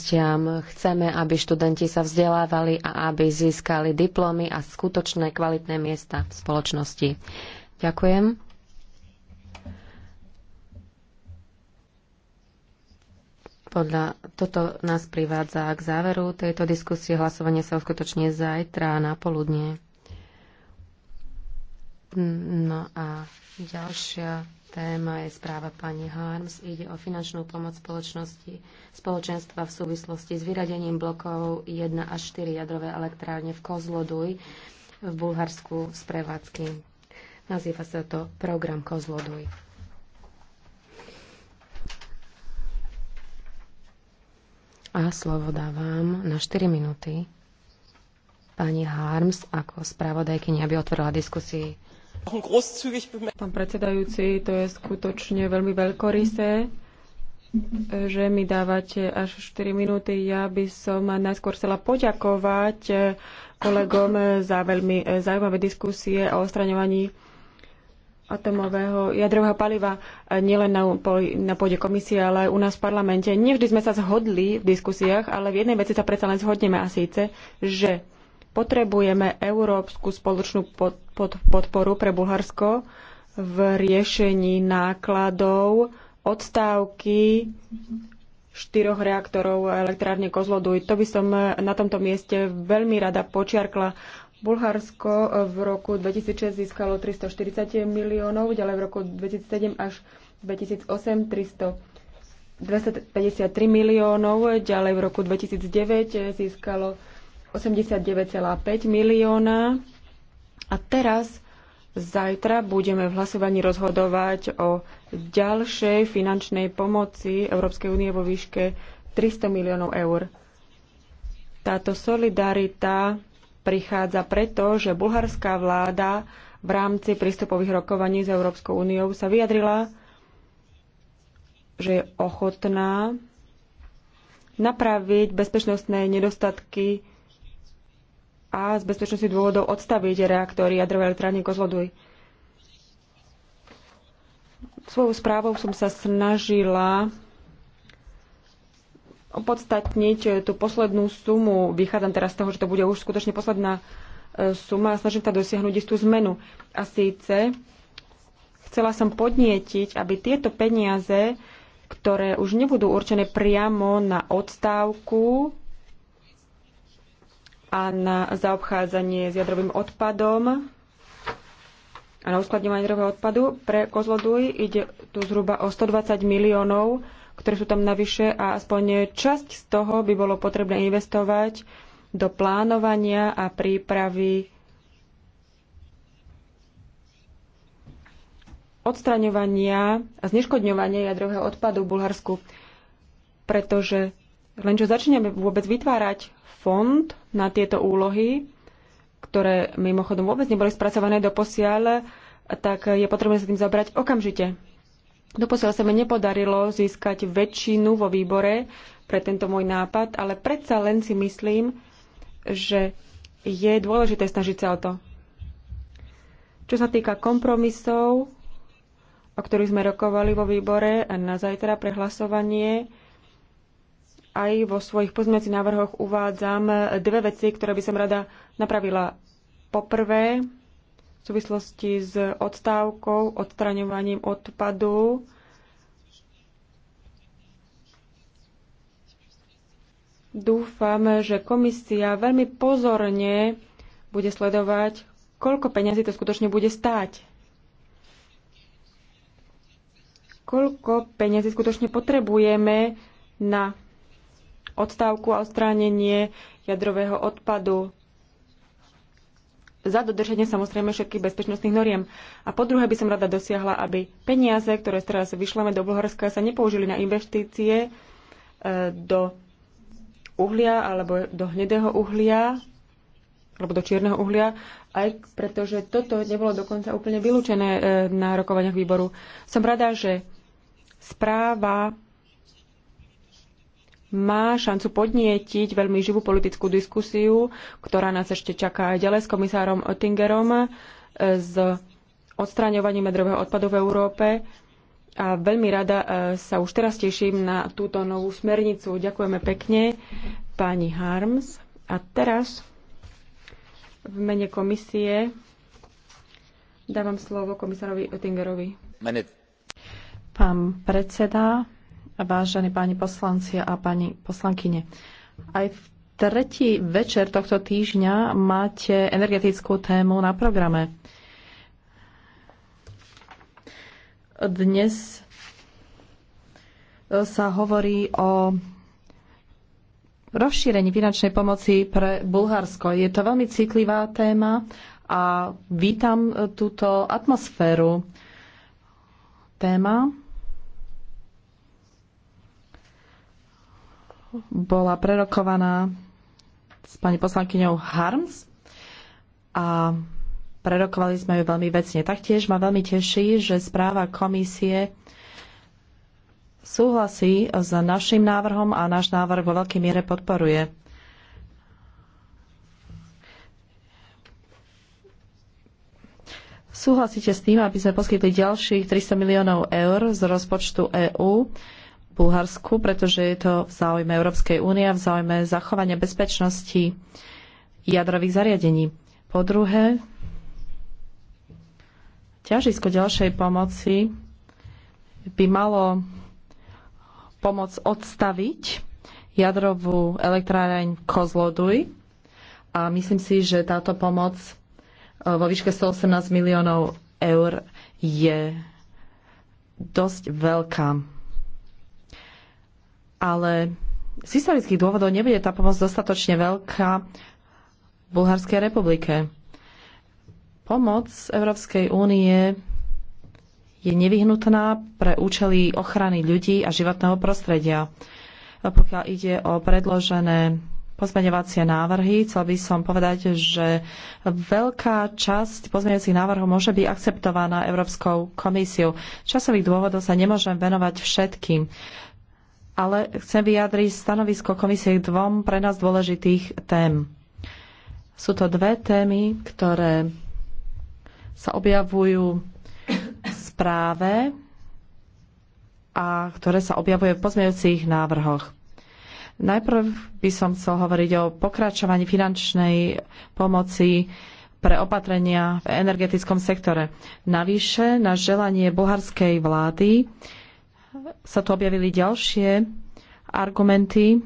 možnostiam. Chceme, aby študenti sa vzdelávali a aby získali diplomy a skutočné kvalitné miesta v spoločnosti. Ďakujem. Podľa toto nás privádza k záveru tejto diskusie. Hlasovanie sa uskutoční zajtra na poludne. No a ďalšia Téma je správa pani Harms. Ide o finančnú pomoc spoločnosti, spoločenstva v súvislosti s vyradením blokov 1 až 4 jadrové elektrárne v Kozloduj v Bulharsku z prevádzky. Nazýva sa to program Kozloduj. A slovo dávam na 4 minúty pani Harms ako spravodajkyni, aby otvorila diskusii. Pán predsedajúci, to je skutočne veľmi veľkorysé, že mi dávate až 4 minúty. Ja by som najskôr chcela poďakovať kolegom za veľmi zaujímavé diskusie o ostraňovaní atomového jadrového paliva nielen na, na pôde komisie, ale aj u nás v parlamente. Nevždy sme sa zhodli v diskusiách, ale v jednej veci sa predsa len zhodneme a síce, že Potrebujeme európsku spoločnú pod, pod, podporu pre Bulharsko v riešení nákladov odstávky štyroch reaktorov elektrárne Kozloduj. To by som eh, na tomto mieste veľmi rada počiarkla. Bulharsko eh, v roku 2006 získalo 340 miliónov, ďalej v roku 2007 až 2008 300 253 miliónov, ďalej v roku 2009 získalo 89,5 milióna. A teraz zajtra budeme v hlasovaní rozhodovať o ďalšej finančnej pomoci Európskej únie vo výške 300 miliónov eur. Táto solidarita prichádza preto, že bulharská vláda v rámci prístupových rokovaní s Európskou úniou sa vyjadrila, že je ochotná napraviť bezpečnostné nedostatky a z bezpečnosti dôvodov odstaviť reaktory jadrovej elektrárne Kozloduj. Svojou správou som sa snažila opodstatniť tú poslednú sumu. Vychádzam teraz z toho, že to bude už skutočne posledná e, suma a snažím sa dosiahnuť istú zmenu. A síce chcela som podnietiť, aby tieto peniaze, ktoré už nebudú určené priamo na odstávku a na zaobchádzanie s jadrovým odpadom a na uskladňovanie jadrového odpadu. Pre Kozloduj ide tu zhruba o 120 miliónov, ktoré sú tam navyše a aspoň časť z toho by bolo potrebné investovať do plánovania a prípravy odstraňovania a zneškodňovania jadrového odpadu v Bulharsku, pretože len čo začneme vôbec vytvárať fond na tieto úlohy, ktoré mimochodom vôbec neboli spracované do posiaľ, tak je potrebné sa tým zabrať okamžite. Doposiaľ sa mi nepodarilo získať väčšinu vo výbore pre tento môj nápad, ale predsa len si myslím, že je dôležité snažiť sa o to. Čo sa týka kompromisov, o ktorých sme rokovali vo výbore a na zajtra prehlasovanie, hlasovanie, aj vo svojich pozmeňacích návrhoch uvádzam dve veci, ktoré by som rada napravila. Poprvé, v súvislosti s odstávkou, odstraňovaním odpadu, dúfam, že komisia veľmi pozorne bude sledovať, koľko peňazí to skutočne bude stáť. Koľko peňazí skutočne potrebujeme na odstávku a odstránenie jadrového odpadu za dodržanie samozrejme všetkých bezpečnostných noriem. A po druhé by som rada dosiahla, aby peniaze, ktoré teraz vyšleme do Bulharska, sa nepoužili na investície e, do uhlia alebo do hnedého uhlia alebo do čierneho uhlia, aj pretože toto nebolo dokonca úplne vylúčené e, na rokovaniach výboru. Som rada, že správa má šancu podnietiť veľmi živú politickú diskusiu, ktorá nás ešte čaká aj ďalej s komisárom Oettingerom z e, odstráňovaním medrového odpadu v Európe. A veľmi rada e, sa už teraz teším na túto novú smernicu. Ďakujeme pekne pani Harms. A teraz v mene komisie dávam slovo komisárovi Oettingerovi. Pán predseda, vážení páni poslanci a pani poslankyne. Aj v tretí večer tohto týždňa máte energetickú tému na programe. Dnes e, sa hovorí o rozšírení finančnej pomoci pre Bulharsko. Je to veľmi citlivá téma a vítam e, túto atmosféru. Téma, bola prerokovaná s pani poslankyňou Harms a prerokovali sme ju veľmi vecne. Taktiež ma veľmi teší, že správa komisie súhlasí s našim návrhom a náš návrh vo veľkej miere podporuje. Súhlasíte s tým, aby sme poskytli ďalších 300 miliónov eur z rozpočtu EÚ Bulharsku, pretože je to v záujme Európskej únie a v záujme zachovania bezpečnosti jadrových zariadení. Po druhé, ťažisko ďalšej pomoci by malo pomôcť odstaviť jadrovú elektráreň Kozloduj a myslím si, že táto pomoc e, vo výške 118 miliónov eur je dosť veľká ale z historických dôvodov nebude tá pomoc dostatočne veľká v Bulharskej republike. Pomoc Európskej únie je nevyhnutná pre účely ochrany ľudí a životného prostredia. Pokiaľ ide o predložené pozmeňovacie návrhy, chcel by som povedať, že veľká časť pozmeňovacích návrhov môže byť akceptovaná Európskou komisiou. Časových dôvodov sa nemôžem venovať všetkým ale chcem vyjadriť stanovisko komisie k dvom pre nás dôležitých tém. Sú to dve témy, ktoré sa objavujú v správe a ktoré sa objavujú v pozmejúcich návrhoch. Najprv by som chcel hovoriť o pokračovaní finančnej pomoci pre opatrenia v energetickom sektore. Navyše, na želanie bulharskej vlády sa tu objavili ďalšie argumenty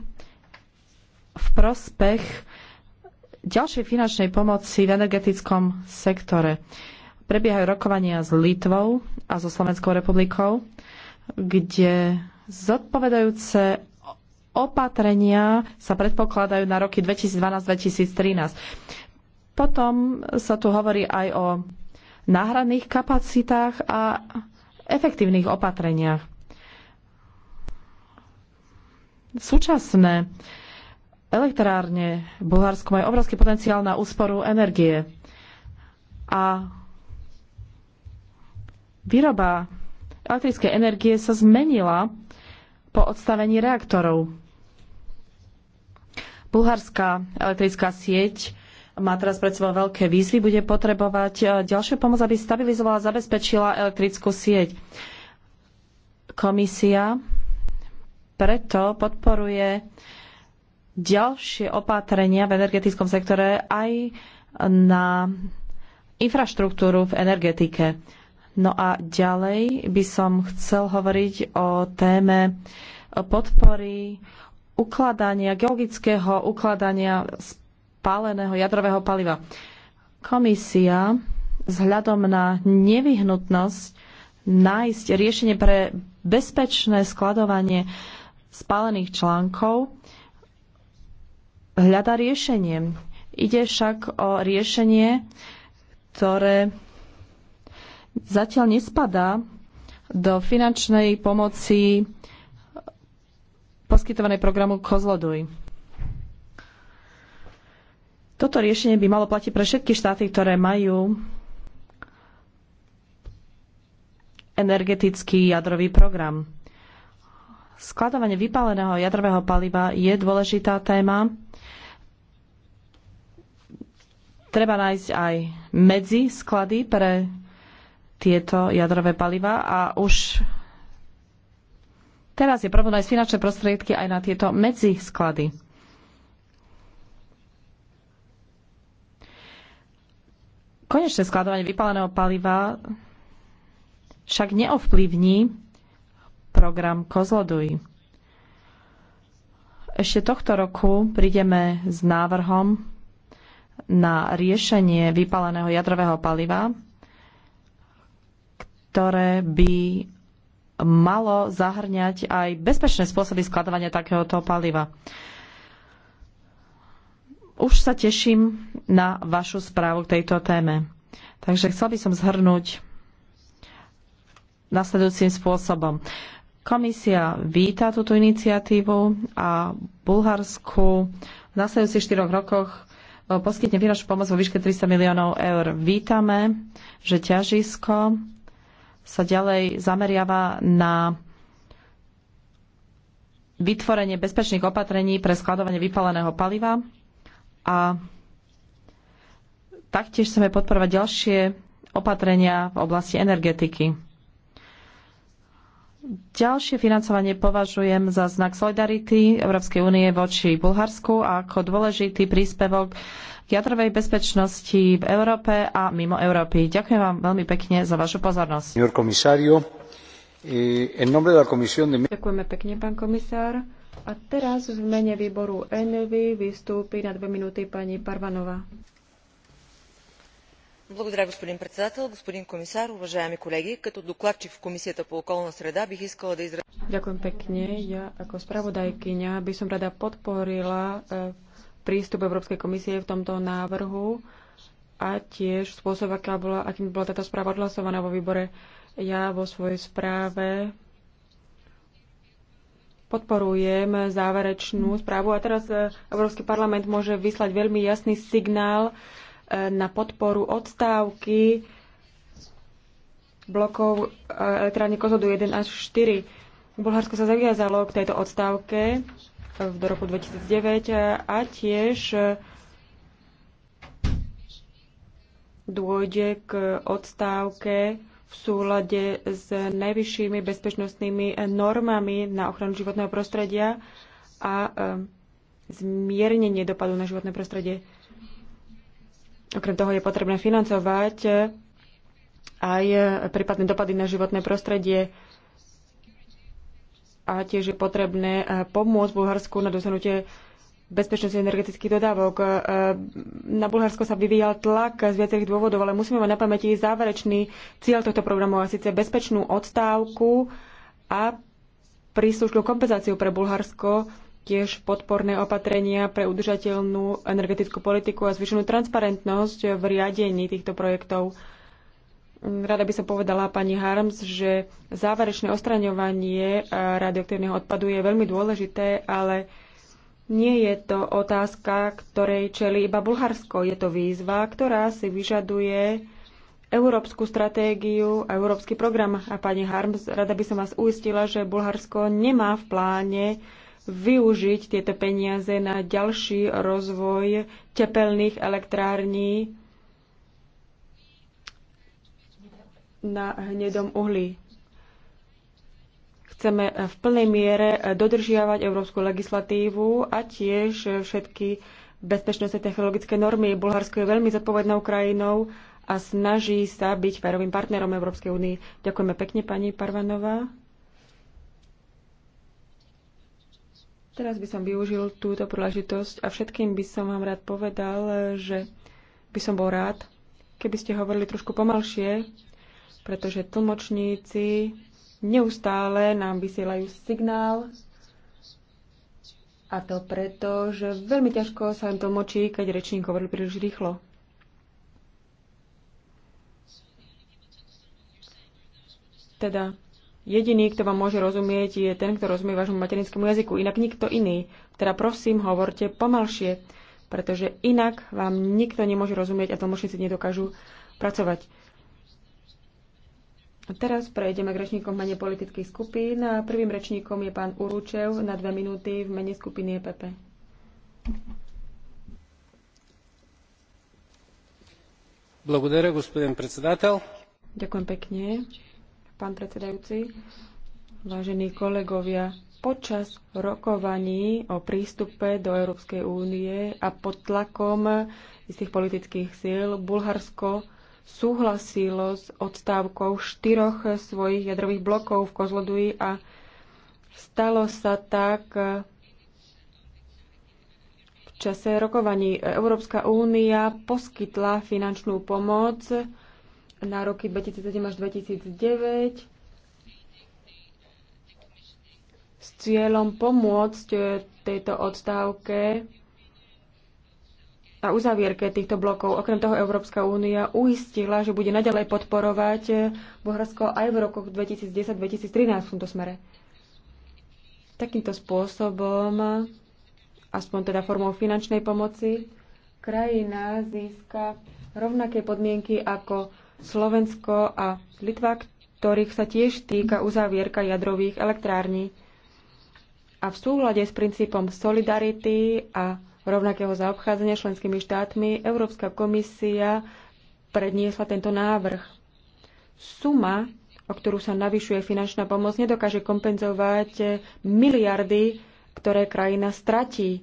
v prospech ďalšej finančnej pomoci v energetickom sektore. Prebiehajú rokovania s Litvou a so Slovenskou republikou, kde zodpovedajúce opatrenia sa predpokladajú na roky 2012-2013. Potom sa tu hovorí aj o náhradných kapacitách a efektívnych opatreniach súčasné elektrárne v Bulharsku majú obrovský potenciál na úsporu energie. A výroba elektrickej energie sa zmenila po odstavení reaktorov. Bulharská elektrická sieť má teraz pred sebou veľké výzvy, bude potrebovať e, ďalšiu pomoc, aby stabilizovala a zabezpečila elektrickú sieť. Komisia preto podporuje ďalšie opatrenia v energetickom sektore aj na infraštruktúru v energetike. No a ďalej by som chcel hovoriť o téme podpory ukladania, geologického ukladania spáleného jadrového paliva. Komisia vzhľadom na nevyhnutnosť nájsť riešenie pre bezpečné skladovanie spálených článkov hľada riešenie. Ide však o riešenie, ktoré zatiaľ nespadá do finančnej pomoci poskytovanej programu Kozloduj. Toto riešenie by malo platiť pre všetky štáty, ktoré majú energetický jadrový program. Skladovanie vypáleného jadrového paliva je dôležitá téma. Treba nájsť aj medzi sklady pre tieto jadrové paliva a už teraz je problém aj finančné prostriedky aj na tieto medzi sklady. Konečné skladovanie vypáleného paliva však neovplyvní program Kozloduj. Ešte tohto roku prídeme s návrhom na riešenie vypáleného jadrového paliva, ktoré by malo zahrňať aj bezpečné spôsoby skladovania takéhoto paliva. Už sa teším na vašu správu k tejto téme. Takže chcel by som zhrnúť nasledujúcim spôsobom. Komisia víta túto iniciatívu a Bulharsku v nasledujúcich 4 rokoch e, poskytne finančnú pomoc vo výške 300 miliónov eur. Vítame, že ťažisko sa ďalej zameriava na vytvorenie bezpečných opatrení pre skladovanie vypaleného paliva a taktiež chceme podporovať ďalšie opatrenia v oblasti energetiky. Ďalšie financovanie považujem za znak solidarity Európskej únie voči Bulharsku a ako dôležitý príspevok k jadrovej bezpečnosti v Európe a mimo Európy. Ďakujem vám veľmi pekne za vašu pozornosť. Eh, Ďakujeme pekne, pán komisár. A teraz v mene výboru ENVY vystúpi na dve minúty pani Parvanova господин председател господин комисар уважаеми колеги като докладчик в комисията по околна среда бих искала да изразя Ďakujem pekne. Ja ako spravodajkyňa by som rada podporila e, prístup Európskej komisie v tomto návrhu a tiež spôsob, aká bola, akým bola táto správa odhlasovaná vo výbore. Ja vo svojej správe podporujem záverečnú správu a teraz e, Európsky parlament môže vyslať veľmi jasný signál na podporu odstávky blokov e, elektrárne Kozodu 1 až 4. Bulharsko sa zaviazalo k tejto odstávke e, do roku 2009 e, a tiež dôjde k odstávke v súlade s najvyššími bezpečnostnými normami na ochranu životného prostredia a zmiernenie dopadu na životné prostredie. Okrem toho je potrebné financovať eh, aj eh, prípadné dopady na životné prostredie a tiež je potrebné eh, pomôcť Bulharsku na dosiahnutie bezpečnosti energetických dodávok. Na Bulharsko sa vyvíjal tlak z viacerých dôvodov, ale musíme mať na pamäti záverečný cieľ tohto programu a síce bezpečnú odstávku a príslušnú kompenzáciu pre Bulharsko tiež podporné opatrenia pre udržateľnú energetickú politiku a zvyšenú transparentnosť v riadení týchto projektov. Rada by som povedala pani Harms, že záverečné ostraňovanie eh, radioaktívneho odpadu je veľmi dôležité, ale nie je to otázka, ktorej čeli iba Bulharsko. Je to výzva, ktorá si vyžaduje európsku stratégiu a európsky program. A pani Harms, rada by som vás uistila, že Bulharsko nemá v pláne využiť tieto peniaze na ďalší rozvoj tepelných elektrární na hnedom uhlí. Chceme v plnej miere dodržiavať európsku legislatívu a tiež všetky bezpečnostné technologické normy. Bulharsko je veľmi zodpovednou krajinou a snaží sa byť férovým partnerom Európskej únie. Ďakujeme pekne, pani Parvanová. Teraz by som využil túto príležitosť a všetkým by som vám rád povedal, že by som bol rád, keby ste hovorili trošku pomalšie, pretože tlmočníci neustále nám vysielajú signál a to preto, že veľmi ťažko sa im tlmočí, keď rečník hovorí príliš rýchlo. Teda Jediný, kto vám môže rozumieť, je ten, kto rozumie vášmu materinskému jazyku, inak nikto iný. Teda prosím, hovorte pomalšie, pretože inak vám nikto nemôže rozumieť a tlmočníci nedokážu pracovať. A teraz prejdeme k rečníkom mene politických skupín. A prvým rečníkom je pán Uručev na dve minúty v mene skupiny EPP. Благодаря, господин председател. Ďakujem pekne pán predsedajúci. Vážení kolegovia, počas rokovaní o prístupe do Európskej únie a pod tlakom istých politických síl Bulharsko súhlasilo s odstávkou štyroch svojich jadrových blokov v Kozloduji a stalo sa tak v čase rokovaní. Európska únia poskytla finančnú pomoc na roky 2007 až 2009 s cieľom pomôcť eh, tejto odstávke a uzavierke týchto blokov. Okrem toho Európska únia uistila, že bude naďalej podporovať eh, Bulharsko aj v rokoch 2010-2013 v tomto smere. Takýmto spôsobom, aspoň teda formou finančnej pomoci, krajina získa rovnaké podmienky ako Slovensko a Litva, ktorých sa tiež týka uzavierka jadrových elektrární. A v súhľade s princípom solidarity a rovnakého zaobchádzania členskými štátmi Európska komisia predniesla tento návrh. Suma, o ktorú sa navyšuje finančná pomoc, nedokáže kompenzovať miliardy, ktoré krajina stratí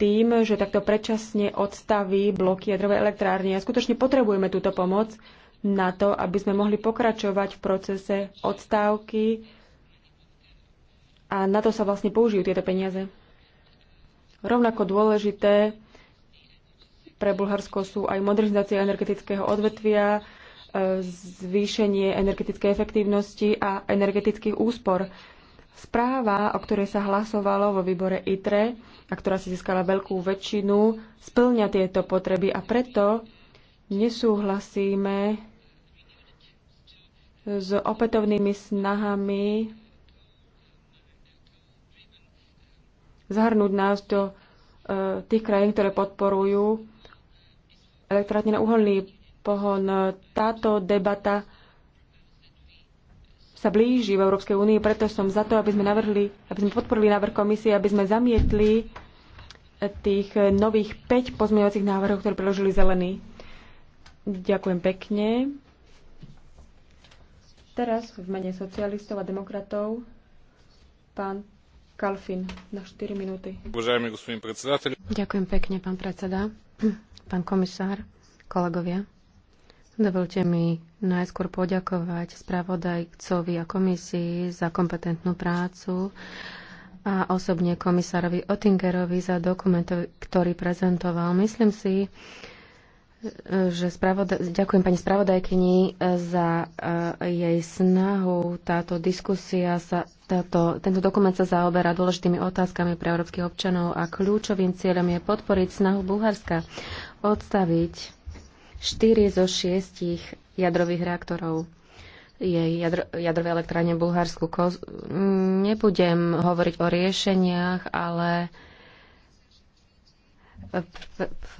tým, že takto predčasne odstaví bloky jadrovej elektrárne. A skutočne potrebujeme túto pomoc na to, aby sme mohli pokračovať v procese odstávky a na to sa vlastne použijú tieto peniaze. Rovnako dôležité pre Bulharsko sú aj modernizácia energetického odvetvia, e, zvýšenie energetickej efektívnosti a energetických úspor. Správa, o ktorej sa hlasovalo vo výbore ITRE a ktorá si získala veľkú väčšinu, splňa tieto potreby a preto nesúhlasíme s opätovnými snahami zahrnúť nás do e, tých krajín, ktoré podporujú elektrárne na uholný pohon. Táto debata sa blíži v Európskej únii, preto som za to, aby sme navrhli, aby sme podporili návrh komisie, aby sme zamietli tých nových 5 pozmeňovacích návrhov, ktoré preložili zelení. Ďakujem pekne. Teraz v mene socialistov a demokratov pán Kalfin na 4 minúty. Ďakujem pekne, pán predseda, pán komisár, kolegovia. Dovolte mi najskôr poďakovať spravodajcovi a komisii za kompetentnú prácu a osobne komisárovi Otingerovi za dokument, ktorý prezentoval. Myslím si, že spravodaj... ďakujem pani spravodajkyni za e, jej snahu. Táto diskusia sa, táto, tento dokument sa zaoberá dôležitými otázkami pre európskych občanov a kľúčovým cieľom je podporiť snahu Bulharska odstaviť 4 zo 6 jadrových reaktorov jej jadro, jadrové elektráne v Bulharsku. Koz, nebudem hovoriť o riešeniach, ale v, v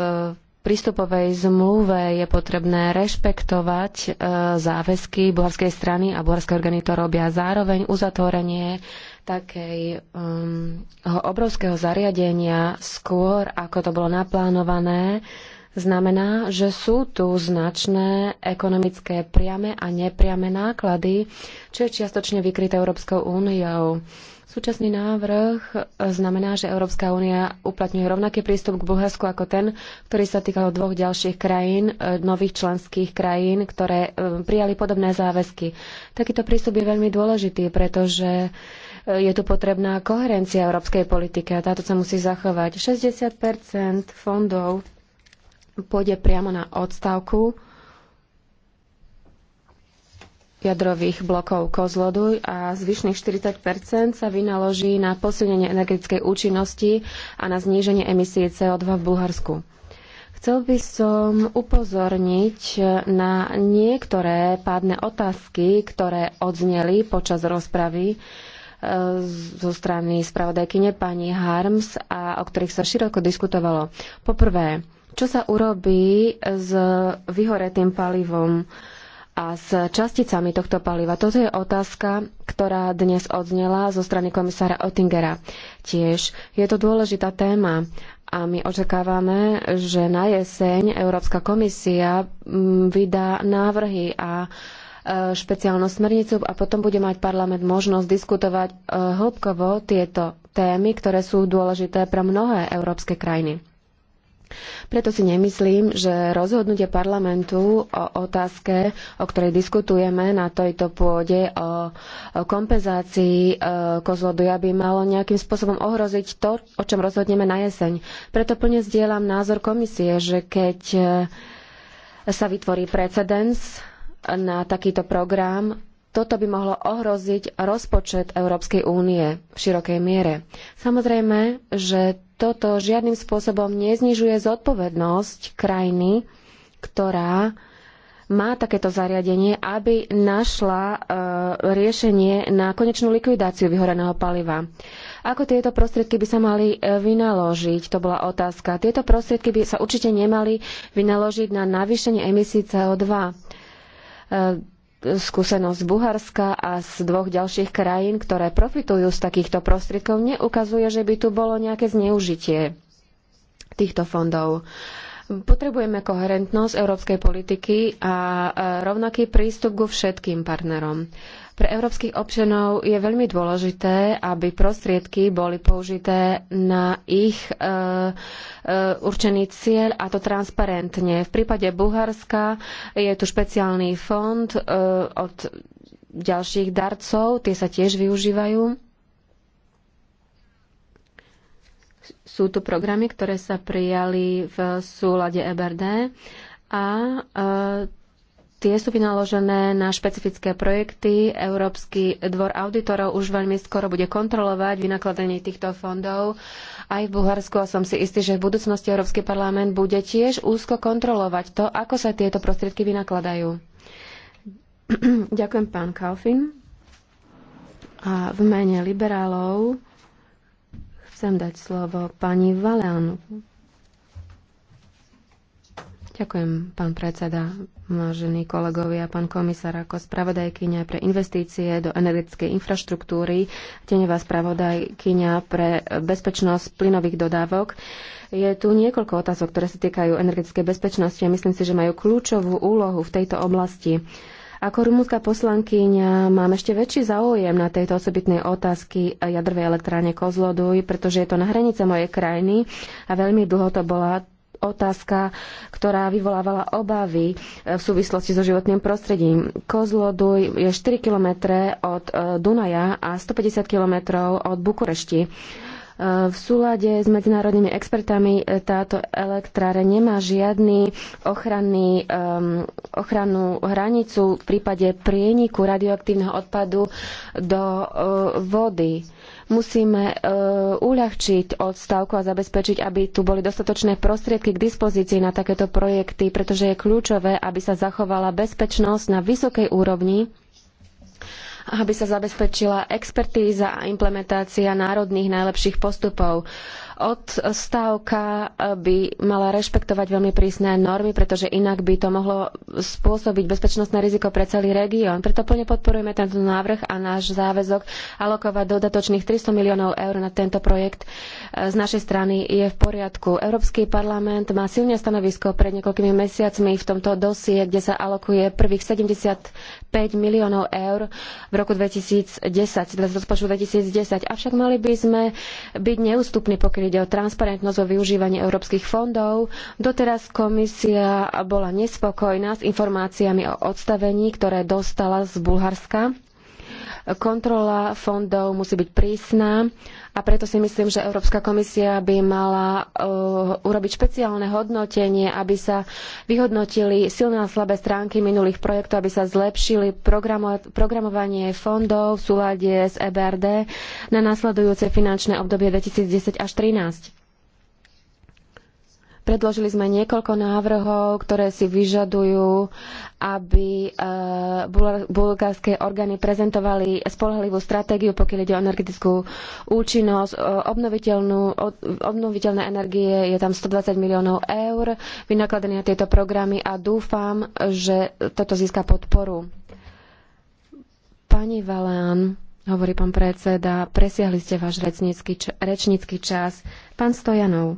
prístupovej zmluve je potrebné rešpektovať e, záväzky bulharskej strany a bulharské orgány to robia. Zároveň uzatvorenie takej um, obrovského zariadenia skôr, ako to bolo naplánované, Znamená, že sú tu značné ekonomické priame a nepriame náklady, čo je čiastočne vykryté Európskou úniou. Súčasný návrh znamená, že Európska únia uplatňuje rovnaký prístup k Bulharsku ako ten, ktorý sa týkal dvoch ďalších krajín, e, nových členských krajín, ktoré e, prijali podobné záväzky. Takýto prístup je veľmi dôležitý, pretože e, je tu potrebná koherencia európskej politiky a táto sa musí zachovať. 60 fondov pôjde priamo na odstavku jadrových blokov Kozloduj a zvyšných 40 sa vynaloží na posilnenie energetickej účinnosti a na zníženie emisie CO2 v Bulharsku. Chcel by som upozorniť na niektoré pádne otázky, ktoré odzneli počas rozpravy e, zo strany spravodajkyne pani Harms a o ktorých sa široko diskutovalo. Poprvé, čo sa urobí s vyhoretým palivom a s časticami tohto paliva. Toto je otázka, ktorá dnes odznela zo strany komisára Oettingera. Tiež je to dôležitá téma a my očakávame, že na jeseň Európska komisia mm, vydá návrhy a e, špeciálnu smernicu a potom bude mať parlament možnosť diskutovať e, hĺbkovo tieto témy, ktoré sú dôležité pre mnohé európske krajiny. Preto si nemyslím, že rozhodnutie parlamentu o otázke, o ktorej diskutujeme na tejto pôde, o kompenzácii e, kozloduja by malo nejakým spôsobom ohroziť to, o čom rozhodneme na jeseň. Preto plne zdieľam názor komisie, že keď e, sa vytvorí precedens na takýto program, toto by mohlo ohroziť rozpočet Európskej únie v širokej miere. Samozrejme, že toto žiadnym spôsobom neznižuje zodpovednosť krajiny, ktorá má takéto zariadenie, aby našla e, riešenie na konečnú likvidáciu vyhoreného paliva. Ako tieto prostriedky by sa mali e, vynaložiť? To bola otázka. Tieto prostriedky by sa určite nemali vynaložiť na navýšenie emisí CO2. E, skúsenosť z Bulharska a z dvoch ďalších krajín, ktoré profitujú z takýchto prostriedkov, neukazuje, že by tu bolo nejaké zneužitie týchto fondov. Potrebujeme koherentnosť európskej politiky a rovnaký prístup ku všetkým partnerom. Pre európskych občanov je veľmi dôležité, aby prostriedky boli použité na ich e, e, určený cieľ a to transparentne. V prípade Bulharska je tu špeciálny fond e, od ďalších darcov, tie sa tiež využívajú. Sú tu programy, ktoré sa prijali v súlade EBRD a e, Tie sú vynaložené na špecifické projekty. Európsky dvor auditorov už veľmi skoro bude kontrolovať vynakladanie týchto fondov. Aj v Bulharsku a som si istý, že v budúcnosti Európsky parlament bude tiež úzko kontrolovať to, ako sa tieto prostriedky vynakladajú. Ďakujem, pán Kalfin. A v mene liberálov chcem dať slovo pani Valéanu. Ďakujem, pán predseda, vážení kolegovia, pán komisár, ako spravodajkyňa pre investície do energetickej infraštruktúry, tenevá spravodajkyňa pre bezpečnosť plynových dodávok. Je tu niekoľko otázok, ktoré sa týkajú energetickej bezpečnosti a myslím si, že majú kľúčovú úlohu v tejto oblasti. Ako rumúnska poslankyňa mám ešte väčší záujem na tejto osobitnej otázky jadrovej elektráne Kozloduj, pretože je to na hranice mojej krajiny a veľmi dlho to bola otázka, ktorá vyvolávala obavy e, v súvislosti so životným prostredím. Kozloduj je 4 km od e, Dunaja a 150 km od Bukurešti. E, v súlade s medzinárodnými expertami táto elektráre nemá žiadny ochranný, um, ochrannú hranicu v prípade prieniku radioaktívneho odpadu do uh, vody. Musíme e, uľahčiť odstavku a zabezpečiť, aby tu boli dostatočné prostriedky k dispozícii na takéto projekty, pretože je kľúčové, aby sa zachovala bezpečnosť na vysokej úrovni aby sa zabezpečila expertíza a implementácia národných najlepších postupov odstávka eh, by mala rešpektovať veľmi prísne normy, pretože inak by to mohlo spôsobiť bezpečnostné riziko pre celý región. Preto plne podporujeme tento návrh a náš záväzok alokovať dodatočných 300 miliónov eur na tento projekt eh, z našej strany je v poriadku. Európsky parlament má silné stanovisko pred niekoľkými mesiacmi v tomto dosie, kde sa alokuje prvých 70 miliónov eur v roku 2010, teda z rozpočtu 2010. Avšak mali by sme byť neústupní, pokiaľ ide o transparentnosť o využívaní európskych fondov. Doteraz komisia bola nespokojná s informáciami o odstavení, ktoré dostala z Bulharska Kontrola fondov musí byť prísna a preto si myslím, že Európska komisia by mala eh, urobiť špeciálne hodnotenie, aby sa vyhodnotili silné a slabé stránky minulých projektov, aby sa zlepšili programovanie fondov v súlade s EBRD na nasledujúce finančné obdobie 2010 až 2013. Predložili sme niekoľko návrhov, ktoré si vyžadujú, aby e, bulgárske orgány prezentovali spolahlivú stratégiu, pokiaľ ide o energetickú účinnosť, e, obnoviteľné energie, je tam 120 miliónov eur vynakladené na tieto programy a dúfam, že toto získa podporu. Pani Valán, hovorí pán predseda, presiahli ste váš rečnícky, čas. Pán Stojanov.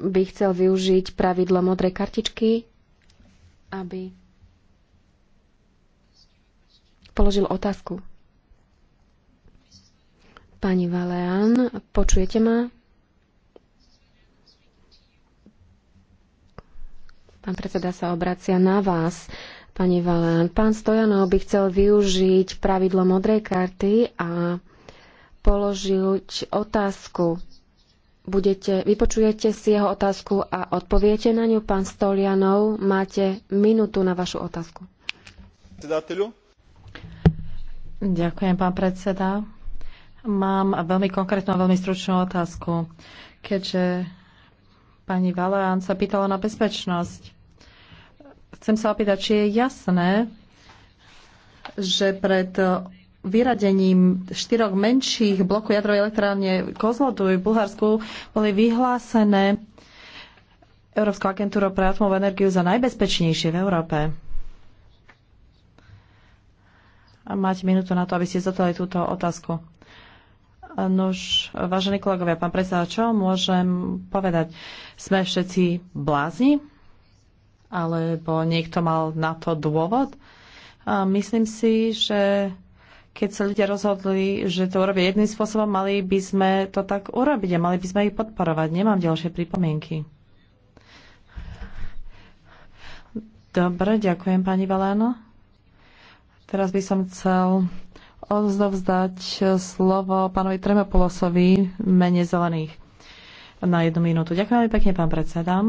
by chcel využiť pravidlo modrej kartičky, aby položil otázku. Pani Valean, počujete ma? Pán predseda sa obracia na vás, pani Valean. Pán Stojanov by chcel využiť pravidlo modrej karty a položiť otázku budete, vypočujete si jeho otázku a odpoviete na ňu. Pán Stolianov, máte minútu na vašu otázku. Ďakujem, pán predseda. Mám veľmi konkrétnu a veľmi stručnú otázku. Keďže pani Valeán sa pýtala na bezpečnosť, chcem sa opýtať, či je jasné, že pred vyradením štyroch menších blokov jadrovej elektrárne Kozlodu v Bulharsku boli vyhlásené Európskou agentúrou pre atomovú energiu za najbezpečnejšie v Európe. A máte minútu na to, aby ste zadali túto otázku. Nož, vážení kolegovia, pán predseda, čo môžem povedať? Sme všetci blázni? Alebo niekto mal na to dôvod? A myslím si, že keď sa ľudia rozhodli, že to urobia jedným spôsobom, mali by sme to tak urobiť a mali by sme ich podporovať. Nemám ďalšie pripomienky. Dobre, ďakujem pani Valéno. Teraz by som chcel odovzdať slovo pánovi Tremopolosovi mene zelených na jednu minútu. Ďakujem pekne, pán predseda.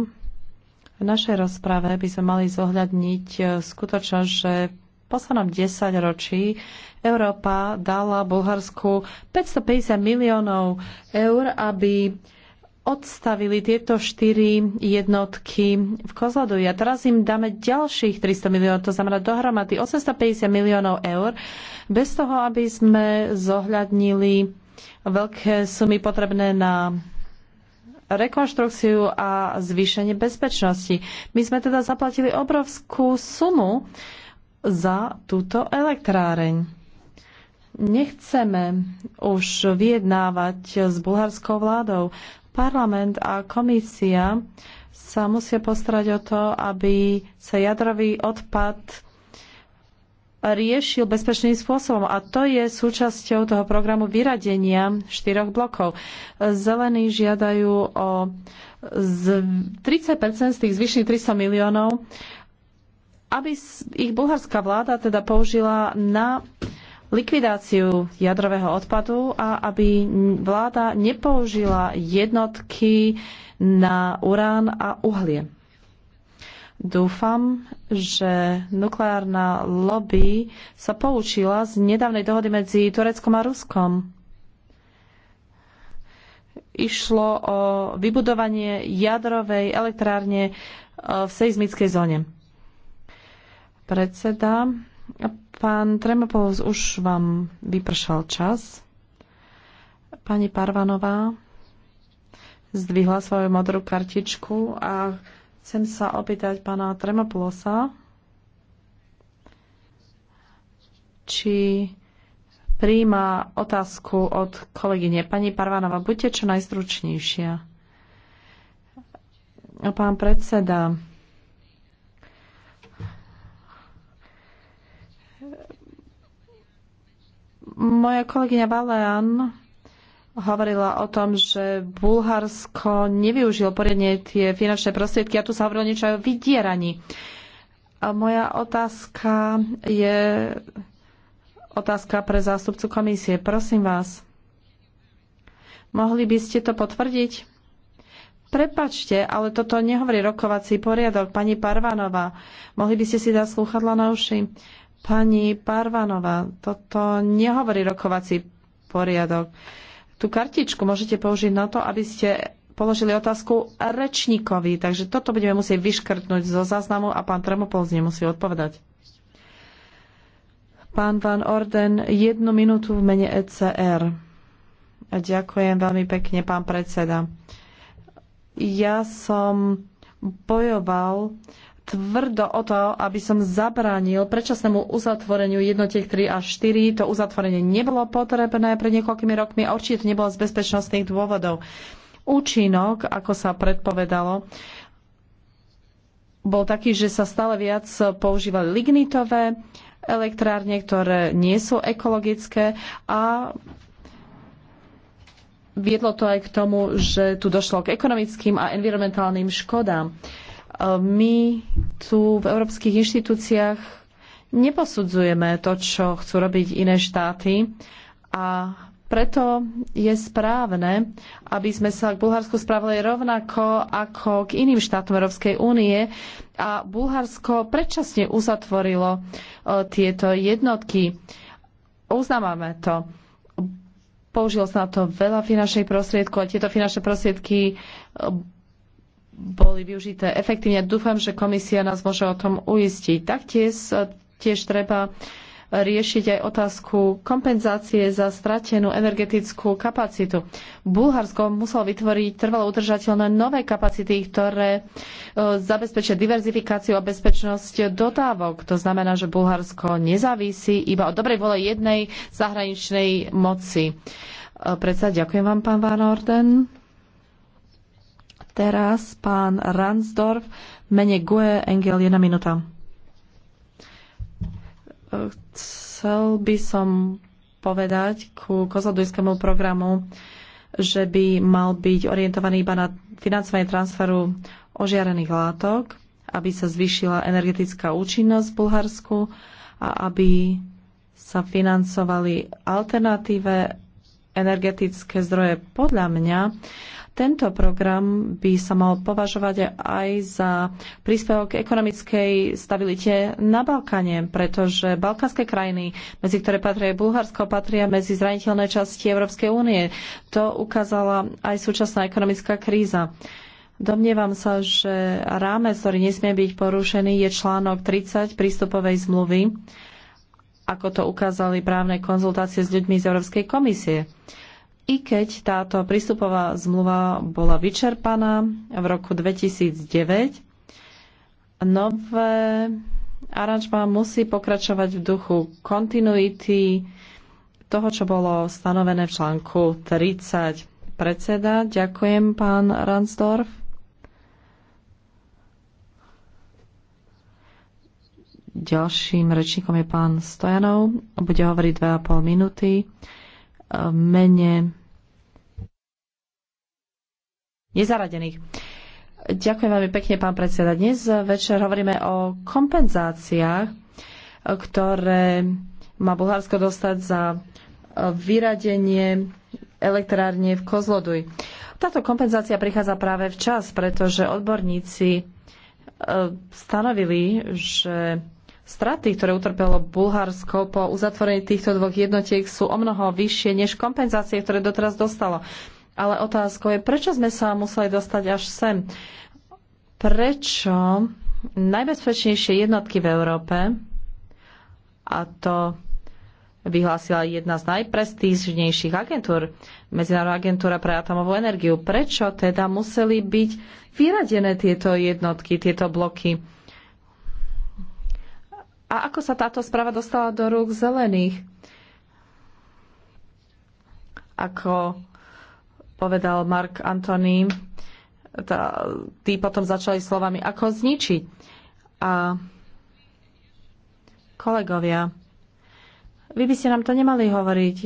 V našej rozprave by sme mali zohľadniť skutočnosť, že poslednom desaťročí Európa dala Bulharsku 550 miliónov eur, aby odstavili tieto štyri jednotky v Kozladuji. A teraz im dáme ďalších 300 miliónov, to znamená dohromady 850 miliónov eur, bez toho, aby sme zohľadnili veľké sumy potrebné na rekonštrukciu a zvýšenie bezpečnosti. My sme teda zaplatili obrovskú sumu za túto elektráreň. Nechceme už vyjednávať s bulharskou vládou. Parlament a komisia sa musia postarať o to, aby sa jadrový odpad riešil bezpečným spôsobom. A to je súčasťou toho programu vyradenia štyroch blokov. Zelení žiadajú o 30 z tých zvyšných 300 miliónov aby ich bulharská vláda teda použila na likvidáciu jadrového odpadu a aby vláda nepoužila jednotky na urán a uhlie. Dúfam, že nukleárna lobby sa poučila z nedávnej dohody medzi Tureckom a Ruskom. Išlo o vybudovanie jadrovej elektrárne e, v seizmickej zóne predseda. Pán Tremopovs, už vám vypršal čas. Pani Parvanová zdvihla svoju modrú kartičku a chcem sa opýtať pána Tremopulosa, či príjma otázku od kolegyne. Pani Parvanova, buďte čo najstručnejšia. Pán predseda, Moja kolegyňa Balean hovorila o tom, že Bulharsko nevyužilo poriadne tie finančné prostriedky a tu sa hovorilo niečo aj o vydieraní. A moja otázka je otázka pre zástupcu komisie. Prosím vás, mohli by ste to potvrdiť? Prepačte, ale toto nehovorí rokovací poriadok, pani Parvanova. Mohli by ste si dať slúchadla na uši? Pani Parvanová, toto nehovorí rokovací poriadok. Tú kartičku môžete použiť na to, aby ste položili otázku rečníkovi, takže toto budeme musieť vyškrtnúť zo záznamu a pán z nemusí odpovedať. Pán Van Orden, jednu minútu v mene ECR. A ďakujem veľmi pekne, pán predseda. Ja som bojoval tvrdo o to, aby som zabránil predčasnému uzatvoreniu jednotiek 3 a 4. To uzatvorenie nebolo potrebné pred niekoľkými rokmi a určite to nebolo z bezpečnostných dôvodov. Účinok, ako sa predpovedalo, bol taký, že sa stále viac používali lignitové elektrárne, ktoré nie sú ekologické a viedlo to aj k tomu, že tu došlo k ekonomickým a environmentálnym škodám my tu v európskych inštitúciách neposudzujeme to, čo chcú robiť iné štáty a preto je správne, aby sme sa k Bulharsku správali rovnako ako k iným štátom Európskej únie a Bulharsko predčasne uzatvorilo e, tieto jednotky. Uznávame to. Použilo sa na to veľa finančných prostriedkov a tieto finančné prostriedky e, boli využité efektívne. Dúfam, že komisia nás môže o tom uistiť. Taktiež tiež treba riešiť aj otázku kompenzácie za stratenú energetickú kapacitu. Bulharsko muselo vytvoriť trvalo udržateľné nové kapacity, ktoré e, zabezpečia diverzifikáciu a bezpečnosť dodávok. To znamená, že Bulharsko nezávisí iba od dobrej vole jednej zahraničnej moci. E, predsa ďakujem vám, pán Van Orden teraz pán Ransdorf, mene GUE, Engel, jedna minúta. Chcel by som povedať ku kozlodujskému programu, že by mal byť orientovaný iba na financovanie transferu ožiarených látok, aby sa zvýšila energetická účinnosť v Bulharsku a aby sa financovali alternatíve energetické zdroje. Podľa mňa tento program by sa mal považovať aj za príspevok k ekonomickej stabilite na Balkáne, pretože balkánske krajiny, medzi ktoré patrí Bulharsko, patria medzi zraniteľné časti Európskej únie. To ukázala aj súčasná ekonomická kríza. Domnievam sa, že rámec, ktorý nesmie byť porušený, je článok 30 prístupovej zmluvy, ako to ukázali právne konzultácie s ľuďmi z Európskej komisie. I keď táto prístupová zmluva bola vyčerpaná v roku 2009, nové aranžma musí pokračovať v duchu kontinuity toho, čo bolo stanovené v článku 30. Predseda, ďakujem pán Ransdorf. Ďalším rečníkom je pán Stojanov. Bude hovoriť 2,5 minúty. mene nezaradených. Ďakujem veľmi pekne, pán predseda. Dnes večer hovoríme o kompenzáciách, ktoré má Bulharsko dostať za vyradenie elektrárne v Kozloduj. Táto kompenzácia prichádza práve včas, pretože odborníci e, stanovili, že straty, ktoré utrpelo Bulharsko po uzatvorení týchto dvoch jednotiek sú o mnoho vyššie než kompenzácie, ktoré doteraz dostalo. Ale otázkou je, prečo sme sa museli dostať až sem? Prečo najbezpečnejšie jednotky v Európe, a to vyhlásila jedna z najprestížnejších agentúr, Medzinárodná agentúra pre atomovú energiu. Prečo teda museli byť vyradené tieto jednotky, tieto bloky? A ako sa táto správa dostala do rúk zelených? Ako povedal Mark Antony, tí potom začali slovami, ako zničiť. A kolegovia, vy by ste nám to nemali hovoriť.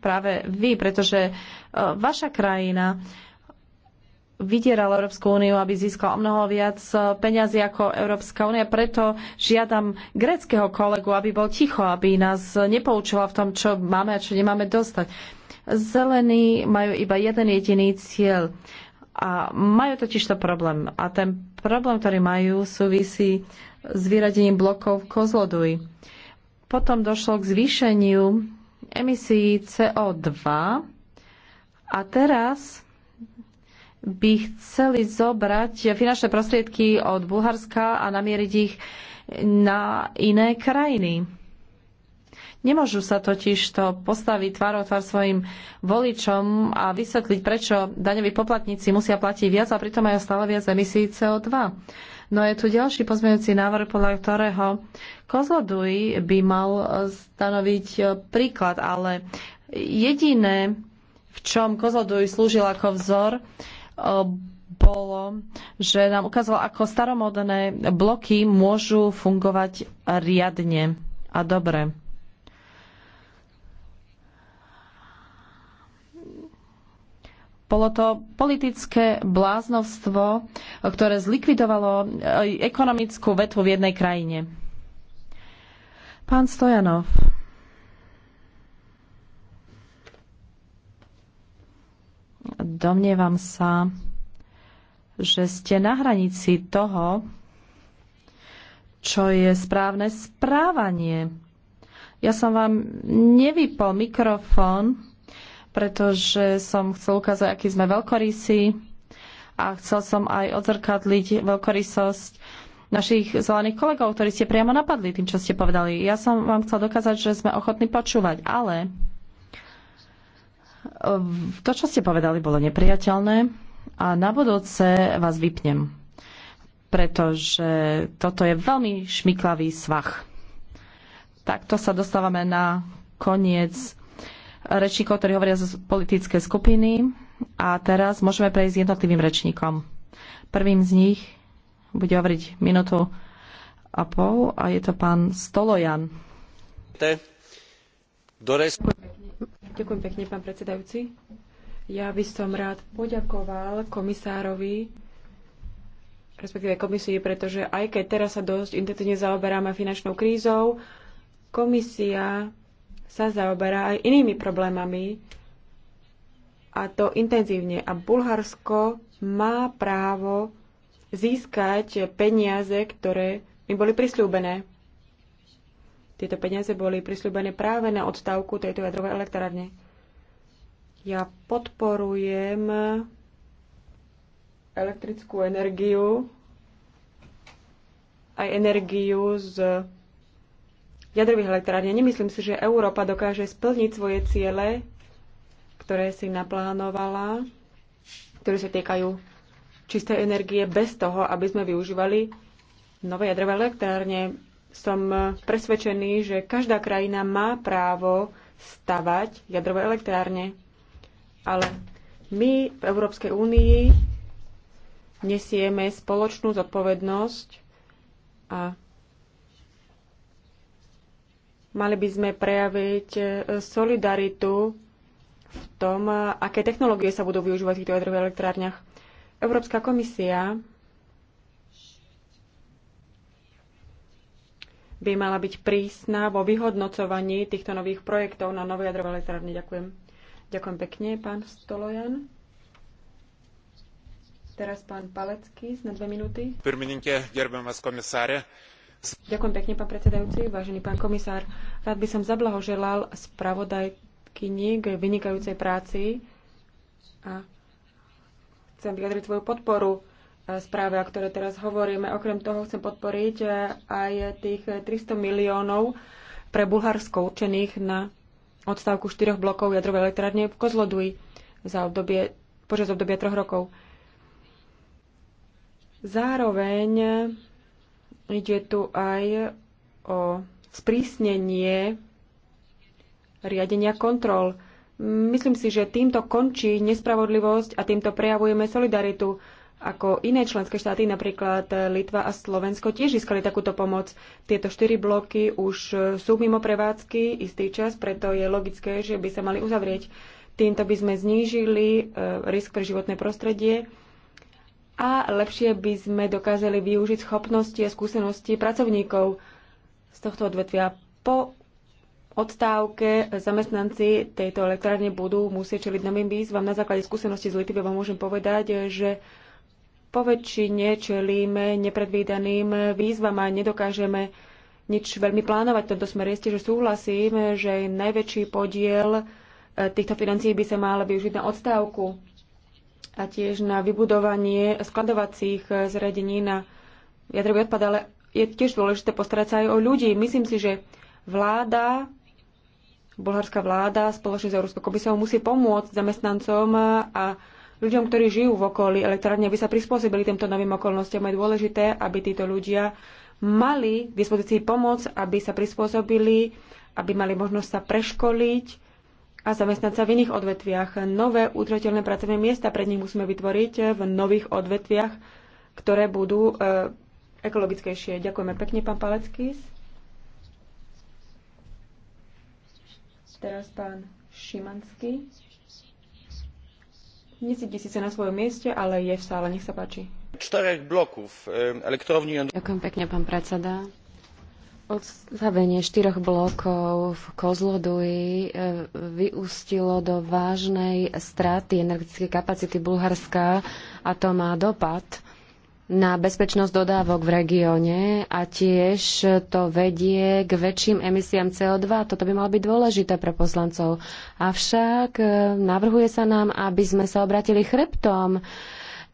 Práve vy, pretože e, vaša krajina vydierala Európsku úniu, aby získala o mnoho viac e, peňazí ako Európska únia. Preto žiadam greckého kolegu, aby bol ticho, aby nás e, nepoučila v tom, čo máme a čo nemáme dostať Zelení majú iba jeden jediný cieľ a majú totiž to problém. A ten problém, ktorý majú, súvisí s vyradením blokov v Kozloduj. Potom došlo k zvýšeniu emisí CO2 a teraz by chceli zobrať finančné prostriedky od Bulharska a namieriť ich na iné krajiny Nemôžu sa totiž to postaviť tvárou tvár svojim voličom a vysvetliť, prečo daňoví poplatníci musia platiť viac a pritom majú stále viac emisí CO2. No je tu ďalší pozmeňujúci návrh, podľa ktorého Kozloduj by mal stanoviť príklad, ale jediné, v čom Kozloduj slúžil ako vzor, e, bolo, že nám ukázalo, ako staromodné bloky môžu fungovať riadne a dobre. Bolo to politické bláznovstvo, ktoré zlikvidovalo e, ekonomickú vetvu v jednej krajine. Pán Stojanov. Domnievam sa, že ste na hranici toho, čo je správne správanie. Ja som vám nevypol mikrofón, pretože som chcel ukázať, aký sme veľkorysí a chcel som aj odzrkadliť veľkorysosť našich zelených kolegov, ktorí ste priamo napadli tým, čo ste povedali. Ja som vám chcel dokázať, že sme ochotní počúvať, ale to, čo ste povedali, bolo nepriateľné a na budúce vás vypnem, pretože toto je veľmi šmiklavý svach. Takto sa dostávame na koniec rečníkov, ktorí hovoria z politické skupiny. A teraz môžeme prejsť jednotlivým rečníkom. Prvým z nich bude hovoriť minútu a pol a je to pán Stolojan. Ďakujem pekne, pán predsedajúci. Ja by som rád poďakoval komisárovi respektíve komisii, pretože aj keď teraz sa dosť intenzívne zaoberáme finančnou krízou, komisia sa zaoberá aj inými problémami, a to intenzívne. A Bulharsko má právo získať peniaze, ktoré mi boli prislúbené. Tieto peniaze boli prislúbené práve na odstavku tejto jadrovej elektrárne. Ja podporujem elektrickú energiu, aj energiu z jadrových elektrární. Nemyslím si, že Európa dokáže splniť svoje ciele, ktoré si naplánovala, ktoré sa týkajú čistej energie bez toho, aby sme využívali nové jadrové elektrárne. Som presvedčený, že každá krajina má právo stavať jadrové elektrárne. Ale my v Európskej únii nesieme spoločnú zodpovednosť a Mali by sme prejaviť e, solidaritu v tom, e, aké technológie sa budú využívať v týchto jadrových elektrárniach. Európska komisia by mala byť prísna vo vyhodnocovaní týchto nových projektov na nové jadrové elektrárne. Ďakujem. Ďakujem pekne, pán Stolojan. Teraz pán Palecký na dve minúty. Pirmininke, gerbiamas komisáre, Ďakujem pekne, pán predsedajúci, vážený pán komisár. Rád by som zablahoželal spravodajkyni k vynikajúcej práci a chcem vyjadriť svoju podporu e, správe, o ktorej teraz hovoríme. Okrem toho chcem podporiť e, aj tých 300 miliónov pre Bulharsko určených na odstavku štyroch blokov jadrovej elektrárne v Kozloduji za obdobie, počas obdobia troch rokov. Zároveň Ide tu aj o sprísnenie riadenia kontrol. Myslím si, že týmto končí nespravodlivosť a týmto prejavujeme solidaritu. Ako iné členské štáty, napríklad Litva a Slovensko, tiež získali takúto pomoc. Tieto štyri bloky už sú mimo prevádzky istý čas, preto je logické, že by sa mali uzavrieť. Týmto by sme znížili eh, risk pre životné prostredie a lepšie by sme dokázali využiť schopnosti a skúsenosti pracovníkov z tohto odvetvia. Po odstávke zamestnanci tejto elektrárne budú musieť čeliť novým výzvam. Na základe skúsenosti z Litvy vám môžem povedať, že po väčšine čelíme nepredvídaným výzvam a nedokážeme nič veľmi plánovať v tomto smere. Jeste, že súhlasím, že najväčší podiel eh, týchto financií by sa mal využiť na odstávku a tiež na vybudovanie skladovacích eh, zariadení na jadrový odpad, ale je tiež dôležité postarať sa aj o ľudí. Myslím si, že vláda, bulharská vláda spoločne s Európskou komisiou musí pomôcť zamestnancom eh, a ľuďom, ktorí žijú v okolí elektrárne, aby sa prispôsobili týmto novým okolnostiam. Je dôležité, aby títo ľudia mali k dispozícii pomoc, aby sa prispôsobili, aby mali možnosť sa preškoliť a zamestnať sa v iných odvetviach. Nové udržateľné pracovné miesta pred nich musíme vytvoriť v nových odvetviach, ktoré budú e, ekologickejšie. Ďakujeme pekne, pán Palecký. Teraz pán Šimanský. Nesíti síce na svojom mieste, ale je v sále. Nech sa páči. E, Ďakujem pekne, pán predseda Odstavenie štyroch blokov v Kozloduji e, vyústilo do vážnej straty energetickej kapacity Bulharska a to má dopad na bezpečnosť dodávok v regióne a tiež to vedie k väčším emisiám CO2. Toto by malo byť dôležité pre poslancov. Avšak e, navrhuje sa nám, aby sme sa obratili chrbtom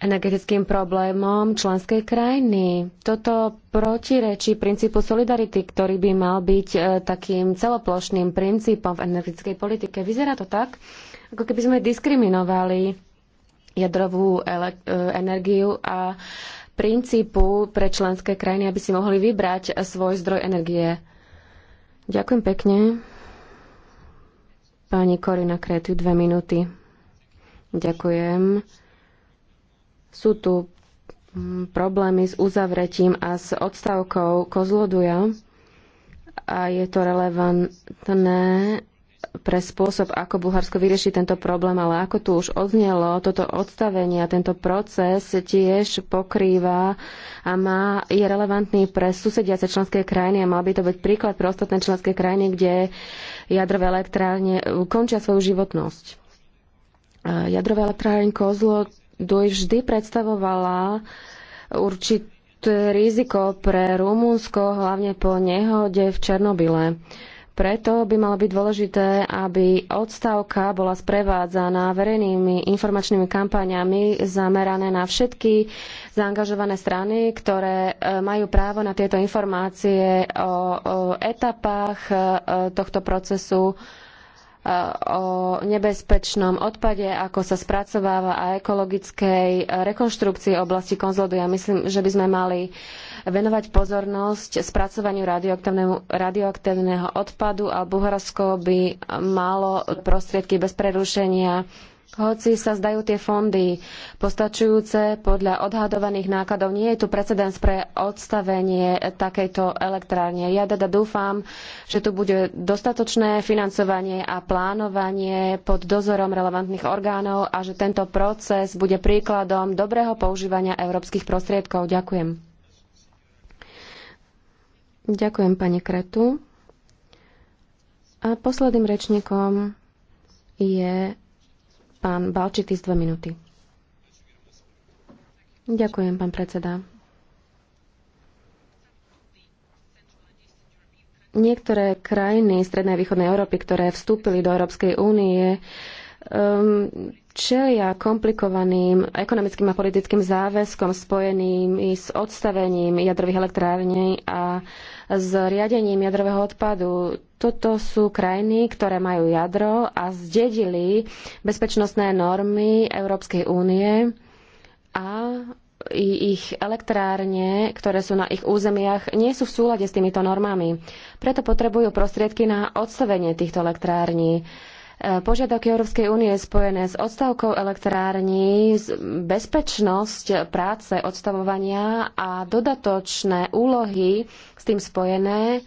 energetickým problémom členskej krajiny. Toto protirečí princípu solidarity, ktorý by mal byť e, takým celoplošným princípom v energetickej politike. Vyzerá to tak, ako keby sme diskriminovali jadrovú e, energiu a princípu pre členské krajiny, aby si mohli vybrať svoj zdroj energie. Ďakujem pekne. Pani Korina Kretu, dve minúty. Ďakujem. Sú tu mm, problémy s uzavretím a s odstavkou kozloduja a je to relevantné pre spôsob, ako Bulharsko vyrieši tento problém, ale ako tu už odznelo, toto odstavenie a tento proces tiež pokrýva a má, je relevantný pre susediace členské krajiny a mal by to byť príklad pre ostatné členské krajiny, kde jadrové elektrárne eh, končia svoju životnosť. Eh, jadrové elektrárne Kozlo doj vždy predstavovala určité riziko pre Rumunsko, hlavne po nehode v Černobyle. Preto by malo byť dôležité, aby odstavka bola sprevádzaná verejnými informačnými kampaniami zamerané na všetky zaangažované strany, ktoré e, majú právo na tieto informácie o, o etapách e, tohto procesu o nebezpečnom odpade, ako sa spracováva a ekologickej rekonštrukcii oblasti konzoldu. Ja myslím, že by sme mali venovať pozornosť spracovaniu radioaktívneho odpadu a Bulharsko by malo prostriedky bez prerušenia hoci sa zdajú tie fondy postačujúce, podľa odhadovaných nákladov nie je tu precedens pre odstavenie takejto elektrárne. Ja teda dúfam, že tu bude dostatočné financovanie a plánovanie pod dozorom relevantných orgánov a že tento proces bude príkladom dobrého používania európskych prostriedkov. Ďakujem. Ďakujem, pani Kretu. A posledným rečníkom je Pán Balčitis, dve minúty. Ďakujem, pán predseda. Niektoré krajiny Strednej a Východnej Európy, ktoré vstúpili do Európskej únie, um, čelia komplikovaným ekonomickým a politickým záväzkom spojeným s odstavením jadrových elektrární a s riadením jadrového odpadu. Toto sú krajiny, ktoré majú jadro a zdedili bezpečnostné normy Európskej únie a ich elektrárne, ktoré sú na ich územiach, nie sú v súlade s týmito normami. Preto potrebujú prostriedky na odstavenie týchto elektrární. Požiadavky Európskej únie spojené s odstavkou elektrární, bezpečnosť práce odstavovania a dodatočné úlohy s tým spojené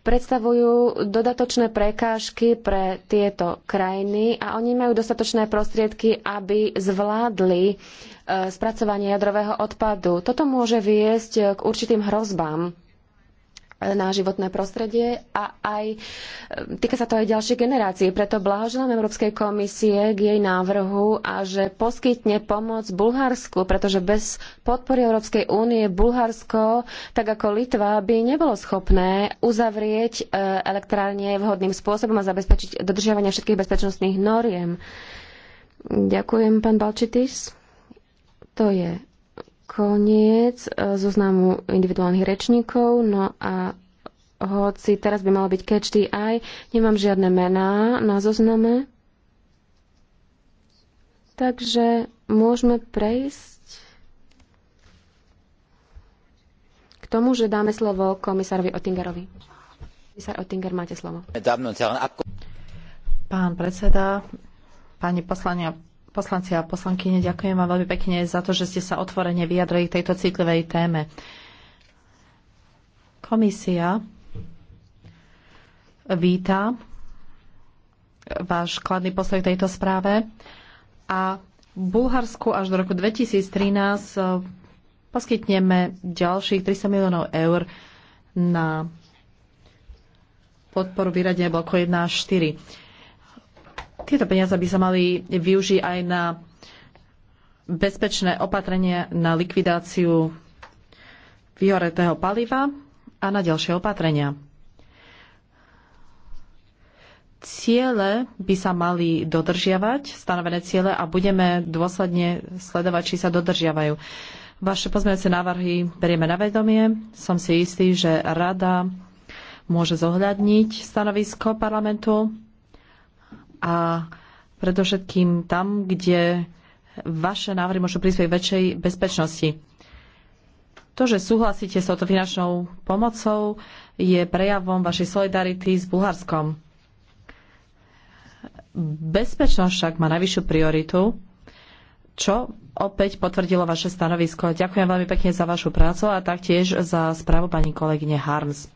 predstavujú dodatočné prekážky pre tieto krajiny a oni majú dostatočné prostriedky, aby zvládli e, spracovanie jadrového odpadu. Toto môže viesť k určitým hrozbám na životné prostredie a aj e, týka sa to aj ďalšej generácie. Preto blahoželám Európskej komisie k jej návrhu a že poskytne pomoc Bulharsku, pretože bez podpory Európskej únie Bulharsko, tak ako Litva, by nebolo schopné uzavrieť e, elektrárne vhodným spôsobom a zabezpečiť dodržiavanie všetkých bezpečnostných noriem. Ďakujem, pán Balčitis. To je koniec e, zoznamu individuálnych rečníkov. No a hoci teraz by malo byť catch the eye, nemám žiadne mená na zozname. Takže môžeme prejsť k tomu, že dáme slovo komisárovi Otingerovi. Komisár Otinger, máte slovo. Pán predseda, pani poslania, Poslanci a poslankyne, ďakujem vám veľmi pekne za to, že ste sa otvorene vyjadrili k tejto citlivej téme. Komisia víta váš kladný postoj k tejto správe a v Bulharsku až do roku 2013 eh, poskytneme ďalších 300 miliónov eur na podporu vyradenia bloku 1 až 4. Tieto peniaze by sa mali využiť aj na bezpečné opatrenie na likvidáciu vyhoretého paliva a na ďalšie opatrenia. Ciele by sa mali dodržiavať, stanovené ciele, a budeme dôsledne sledovať, či sa dodržiavajú. Vaše pozmeňujúce návrhy berieme na vedomie. Som si istý, že rada môže zohľadniť stanovisko parlamentu a predovšetkým tam, kde vaše návrhy môžu prispieť väčšej bezpečnosti. To, že súhlasíte s touto finančnou pomocou, je prejavom vašej solidarity s Bulharskom. Bezpečnosť však má najvyššiu prioritu, čo opäť potvrdilo vaše stanovisko. Ďakujem veľmi pekne za vašu prácu a taktiež za správu pani kolegyne Harms.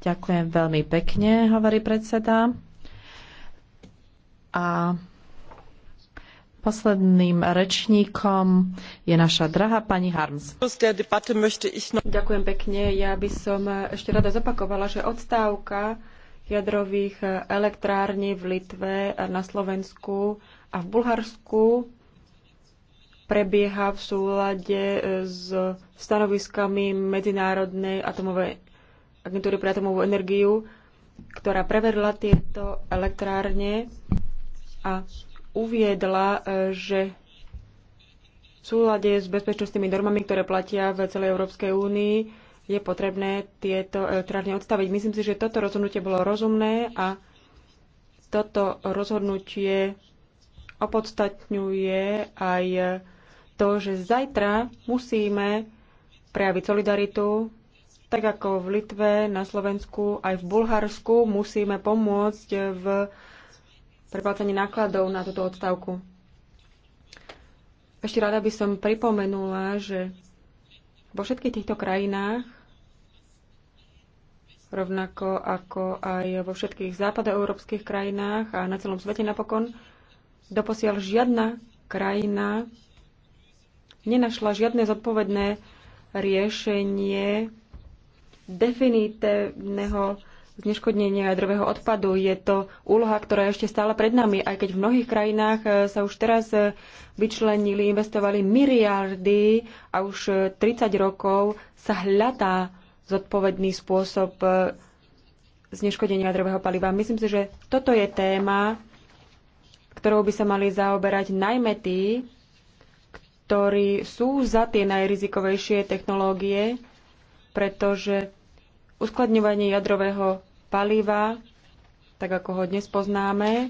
Ďakujem veľmi pekne, hovorí predseda. A posledným rečníkom je naša drahá pani Harms. Ďakujem pekne. Ja by som ešte rada zopakovala, že odstávka jadrových elektrární v Litve, na Slovensku a v Bulharsku prebieha v súlade s stanoviskami Medzinárodnej atomovej agentúry pre atomovú energiu, ktorá preverila tieto elektrárne a uviedla, e, že v súlade s bezpečnostnými normami, ktoré platia v celej Európskej únii, je potrebné tieto elektrárne odstaviť. Myslím si, že toto rozhodnutie bolo rozumné a toto rozhodnutie opodstatňuje aj to, že zajtra musíme prejaviť solidaritu, tak ako v Litve, na Slovensku, aj v Bulharsku musíme pomôcť v preplácanie nákladov na túto odstavku. Ešte rada by som pripomenula, že vo všetkých týchto krajinách, rovnako ako aj vo všetkých západoeurópskych krajinách a na celom svete napokon, doposiaľ žiadna krajina nenašla žiadne zodpovedné riešenie definitívneho zneškodnenia jadrového odpadu. Je to úloha, ktorá je ešte stále pred nami, aj keď v mnohých krajinách e, sa už teraz e, vyčlenili, investovali miliardy a už 30 e, rokov sa hľadá zodpovedný spôsob zneškodenia jadrového paliva. Myslím si, že toto je téma, ktorou by sa mali zaoberať najmä tí, ktorí sú za tie najrizikovejšie technológie, pretože Uskladňovanie jadrového paliva, tak ako ho dnes poznáme,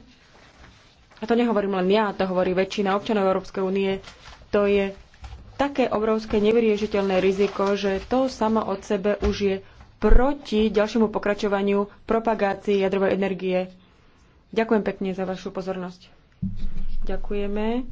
a to nehovorím len ja, to hovorí väčšina občanov Európskej únie, to je také obrovské nevyriešiteľné riziko, že to samo od sebe už je proti ďalšiemu pokračovaniu propagácii jadrovej energie. Ďakujem pekne za vašu pozornosť. Ďakujeme.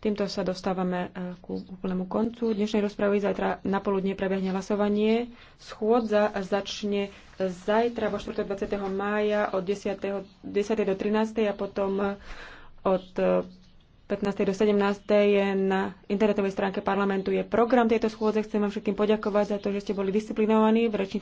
Týmto sa dostávame e, ku úplnému koncu. Dnešnej rozpravy zajtra na poludne prebehne hlasovanie. Schôdza začne zajtra vo 4. 20. mája od 10. 10. do 13. a potom e, od 15. E, do 17. je na internetovej stránke parlamentu je program tejto schôdze. Chcem vám všetkým poďakovať za to, že ste boli disciplinovaní v rečníckých